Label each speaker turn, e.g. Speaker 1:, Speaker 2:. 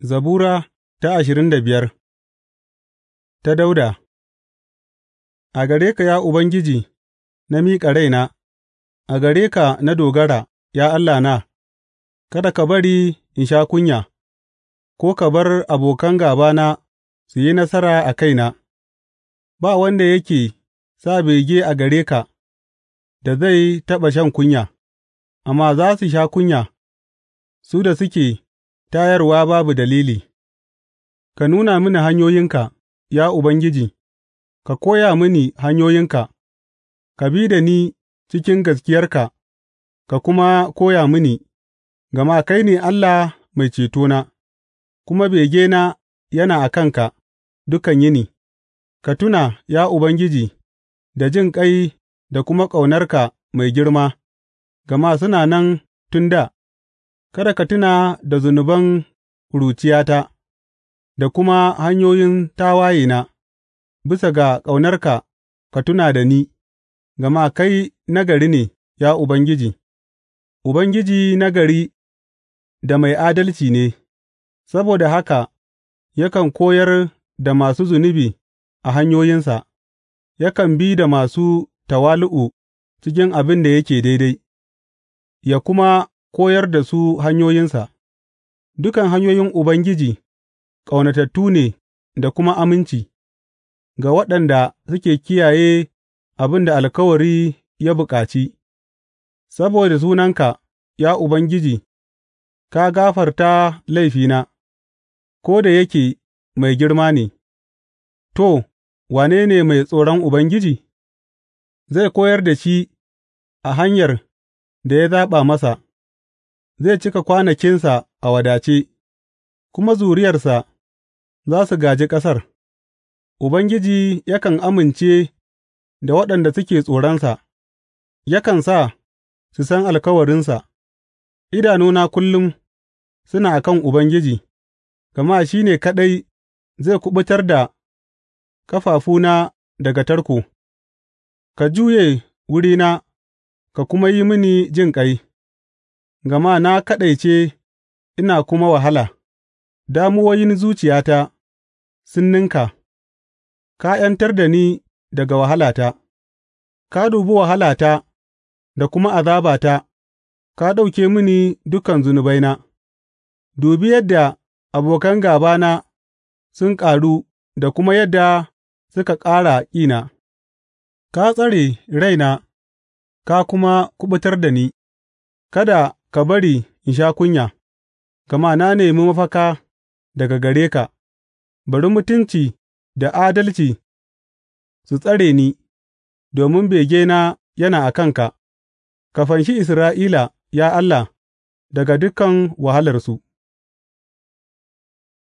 Speaker 1: Zabura ta ashirin da biyar ta Dauda A gare ka, ya Ubangiji, na miƙa raina, a gare ka na dogara, ya Allahna; kada ka bari in sha kunya, ko ka bar abokan gābana su yi nasara a kaina; ba wanda yake sa bege a gare ka da zai taɓa shan kunya, amma za su sha kunya, su da suke. tayarwa babu dalili Ka nuna mini hanyoyinka, ya Ubangiji; ka koya mini hanyoyinka; ka bi da ni cikin gaskiyarka ka kuma koya mini, gama kai ne Allah Mai cetona, kuma begena yana a kanka dukan yini; ka tuna, ya Ubangiji, da jin ƙai da kuma ƙaunarka mai girma, gama suna nan tun da. Kada ka tuna da zunuban ƙuruciyata da kuma hanyoyin tawayena; bisa ga ƙaunarka ka tuna da ni, gama kai nagari ne, ya Ubangiji, Ubangiji nagari da mai adalci ne, saboda haka yakan koyar da masu zunubi a hanyoyinsa, yakan bi da masu tawali'u cikin abin da yake daidai, ya kuma koyar da su hanyoyinsa; dukan hanyoyin Ubangiji ƙaunatattu ne da kuma aminci ga waɗanda suke kiyaye abin da alkawari ya bukaci, Saboda sunanka, ya Ubangiji, ka gafarta laifina, ko da yake mai girma ne; to, wane ne mai tsoron Ubangiji? Zai koyar da shi a hanyar da ya zaɓa masa. zai cika kwanakinsa a wadace, kuma zuriyarsa za su gaji ƙasar; Ubangiji yakan amince da waɗanda suke tsoronsa, yakan sa su san alkawarinsa, idanuna kullum suna a kan Ubangiji, gama shi ne kaɗai zai kuɓutar da ƙafafuna daga tarko; ka juye wurina ka kuma yi mini jin jinƙai. gama na kaɗaice ina kuma wahala; damuwoyin zuciyata sun ninka, ka ’yantar da ni daga wahalata, ka dubi wahalata da kuma azabata, ka ɗauke mini dukan zunubaina; dubi yadda abokan gābana sun ƙaru da kuma yadda suka ƙara ƙina; ka tsare raina ka kuma kuɓutar da ni, kada ka bari in sha kunya, gama na nemi mafaka daga gare ka; bari mutunci da adalci su tsare ni, domin begena yana a kanka; ka fanshi Isra'ila, ya Allah, daga dukan wahalarsu.